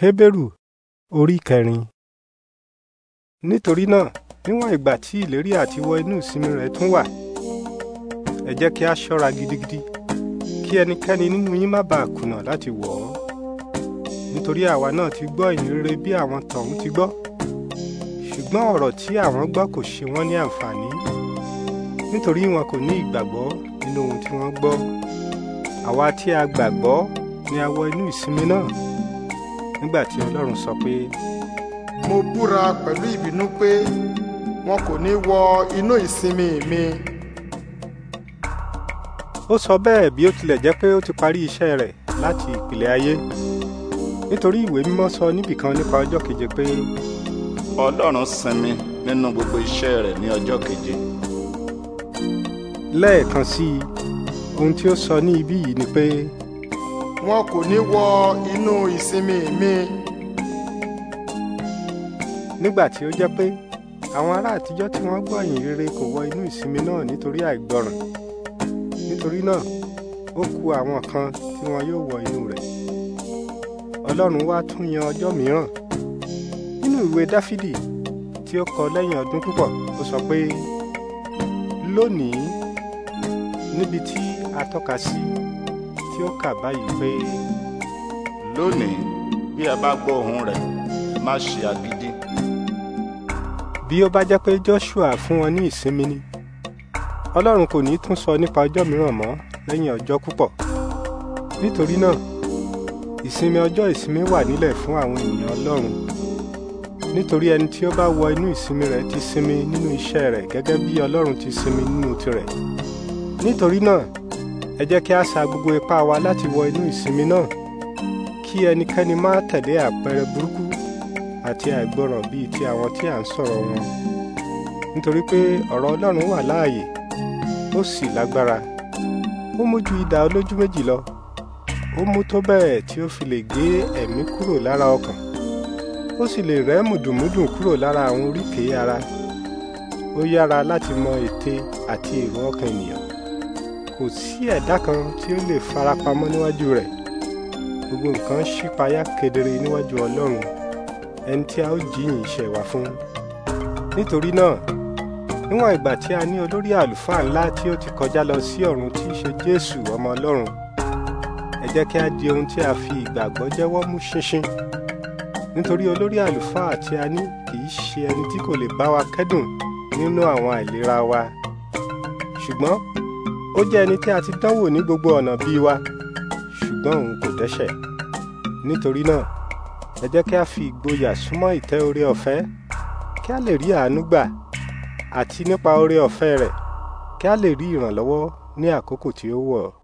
Hébérù orí kẹrin. Nítorí náà, níwọ̀n ìgbà tí ìlérí àti wọ inú ìsinmi rẹ̀ tún wà, ẹ jẹ́ kí a ṣọ́ra gidigidi kí ẹnikẹ́ni nínú yín má baà kùnà láti wọ̀ ọ́. Nítorí àwa náà ti gbọ́ ìyìnrere bí àwọn tọ̀hún ti gbọ́. Ṣùgbọ́n ọ̀rọ̀ tí àwọn gbọ́ kò ṣe wọ́n ní àǹfààní. Nítorí wọn kò ní ìgbàgbọ́ nínú ohun tí wọ́n gbọ́. Àwa tí a gbàgbọ́ ni a wọ inú ìsinmi náà nígbà tí ọlọ́run sọ pé. mo búra pẹ̀lú ìbínú pé wọn kò ní wọ inú ìsinmi mi. ó sọ bẹ́ẹ̀ bí ó tilẹ̀ jẹ́ pé ó ti parí iṣẹ́ rẹ̀ láti ìpìlẹ̀ ayé nítorí ìwé mímọ́ sọ níbìkan nípa ọjọ́ keje pé. ọlọ́run sinmi nínú gbogbo iṣẹ́ rẹ̀ ní ọjọ́ keje. lẹ́ẹ̀kan sí i ohun tí ó sọ ní ibí yìí ni pé wọn kò ní wọ inú ìsinmi mi. nígbà tí ó jẹ́ pé àwọn ará àtijọ́ tí wọ́n gbọ́ ìyìn rere kò wọ inú ìsinmi náà nítorí àìgbọràn nítorí náà ó kù àwọn kan tí wọn yóò wọ inú rẹ̀ ọlọ́run wá tún yan ọjọ́ mìíràn nínú ìwé dáfídì tí ó kọ lẹ́yìn ọdún púpọ̀ ó sọ pé lónìí níbi tí a tọ́ka sí. Si tí ó kà báyìí pé. lónìí bí a bá gbọ́ ohùn rẹ̀ má ṣe agídí. bí ó bá jẹ́ pé Joshua fún wọn ní ìsinmi ni Ọlọ́run kò ní tún sọ nípa ọjọ́ mìíràn mọ́ lẹ́yìn ọjọ́ púpọ̀ nítorí náà ìsinmi ọjọ́ ìsinmi wà nílẹ̀ fún àwọn ènìyàn Ọlọ́run nítorí ẹni tí ó bá wọ inú ìsinmi rẹ̀ ti sinmi nínú iṣẹ́ rẹ̀ gẹ́gẹ́ bí Ọlọ́run ti sinmi nínú tirẹ̀ nítorí náà ẹ jẹ́ kí a sa gbogbo ipá wa láti wọ inú ìsinmi náà kí ẹnikẹ́ni má tẹ̀lé àpẹẹrẹ burúkú àti àìgbọràn bíi ti àwọn tí à ń sọ̀rọ̀ wọn nítorí pé ọ̀rọ̀ Ọlọ́run wà láàyè ó sì lágbára ó mú ju idà olójú méjì lọ ó mú tó bẹ́ẹ̀ tí ó fi lè gé ẹ̀mí kúrò lára ọkàn ó sì lè rẹ́ mùdùnmúdùn kúrò lára àwọn oríkèé ara ó yára láti mọ ète àti èrò ọkàn ènìyàn kò sí ẹ̀dá kan tí ó lè farapamọ́ níwájú rẹ̀ gbogbo nǹkan ṣípayá kedere níwájú ọlọ́run ẹni tí a ó jíyìn iṣẹ́ wa fún nítorí náà níwọ̀n ìgbà tí a ní olórí àlùfáà ńlá tí ó ti kọjá lọ sí ọ̀run tí í ṣe jésù ọmọ ọlọ́run ẹ jẹ́ kí a di ohun tí a fi ìgbàgbọ́ jẹ́wọ́ mú ṣinṣin nítorí olórí àlùfáà tí a ní kì í ṣe ẹni tí kò lè bá wa kẹ́dùn nínú àwọn àìlera wa ṣùgbọ́n ó jẹ́ ẹni tí a ti dánwò ní gbogbo ọ̀nà bíi wa ṣùgbọ́n òun kò dẹ́ṣẹ̀ nítorí náà ẹ jẹ́ kí a fi ìgboyà súnmọ́ ìtẹ́ oore ọ̀fẹ́ kí a lè rí àánú gbà àti nípa oore ọ̀fẹ́ rẹ̀ kí a lè rí ìrànlọ́wọ́ ní àkókò tí ó wọ̀.